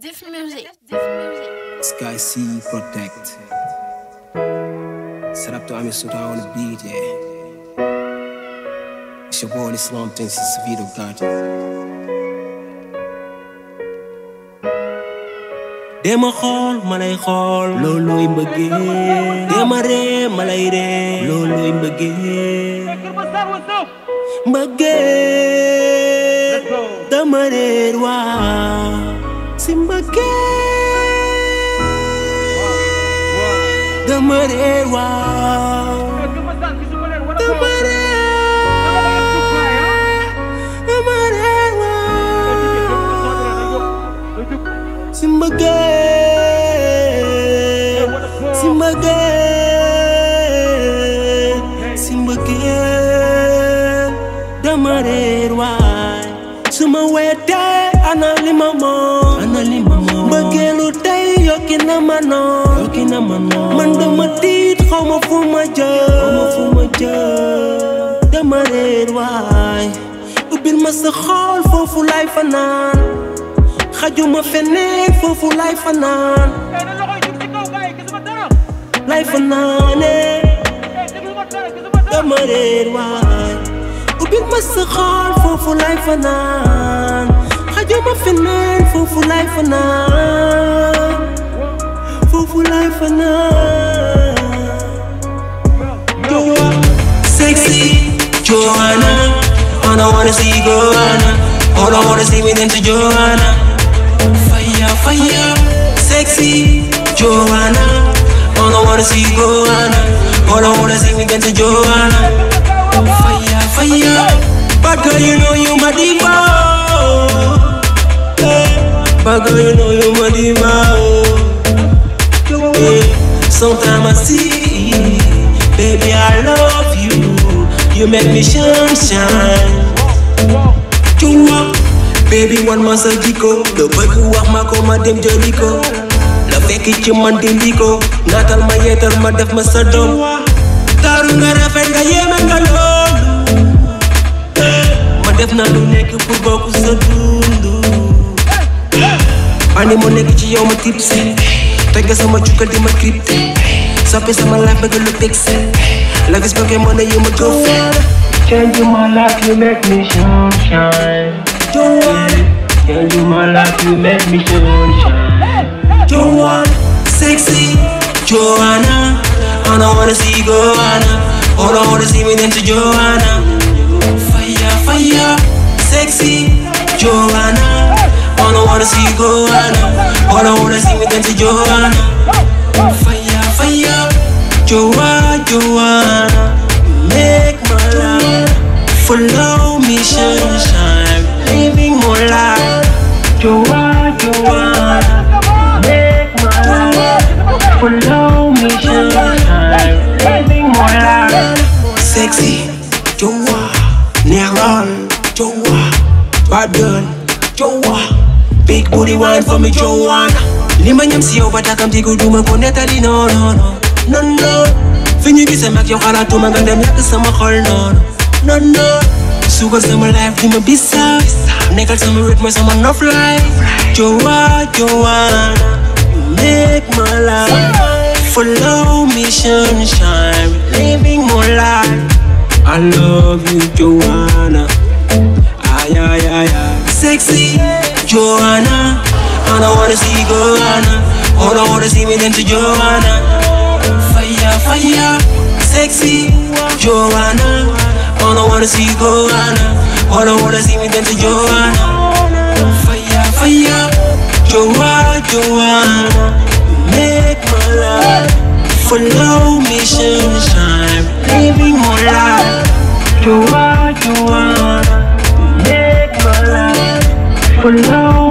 Different music. Sky sea, Protect. Set up to Ami on the beat, yeah. It's your boy Islam thinks it's Vito Garden. Dema xool malay xool loolooy mbëggee dema ree malay ree loolooy mbëggee mbëggee dama réer waa again. The Madeira. Simbagay Simbagay Simbagay Damarer wai Suma wedai ana li ma moom ana li ma moom bëggeelu tey na ma noon yokki ma noon man ma fu ma jëm xaw ma fu waay ubbil ma sa foofu laay fanaan xajuma feneen foofu laay fanaan eh, laay fanaane eh, dama waay ubbil ma sa foofu laay fanaan you ma finan fufu life for now full Fufu life for now Yo, sexy Joanna All I wanna see Joanna All I wanna see me with to Joanna Fire, fire Sexy Joanna All I wanna see Joanna All I wanna see me with to Joanna Fire, fire Bad girl, you know you my diva pagawin o lumalimaw yeah. Sometimes I see, baby I love you You make me shine, shine Baby one man sa jiko The boy who walk my coma, ma dem jëli ko la fekk ci man dindi Not all my yet, all my death, my doom taaru nga rafet nga yow life Change my life, you make me sunshine. Don't Change my life, you make me sunshine. Don't Sexy Joanna. don't wanna see Joanna. All I wanna see me then to Joanna. Fire, fire. Sexy Joanna. don't wanna see Joanna. What I wanna see me dance to Joanna Fire, fire Joanna, Joanna Make my life Follow me, sunshine Living my life Joanna, Joanna Make my life Follow me, sunshine Living my life Sexy Joanna Neron Joanna Jordan Joanna Big booty wine for me Joanna Lima nyamsia ubataka mtigu duma kuneta li no no no No no Finyigise mak yo khala tuma gandem yaka sama khol no no No no Sugar summer life ma bisa Nekal summer rhythm summer no fly Joanna Joanna You make my life Follow me sunshine Living more life I love you Joanna Ay ay ay ay Sexy Joanna. I don't wanna see Joanna. Oh, don't wanna see me then to Joanna. Fire, fire, sexy Joanna. Oh, don't wanna see Joanna. Oh, don't wanna see me then to Joanna. Fire, fire, Joanna, Joanna. Make my life follow me, sunshine. Living my life, Joanna, Joanna. Hello.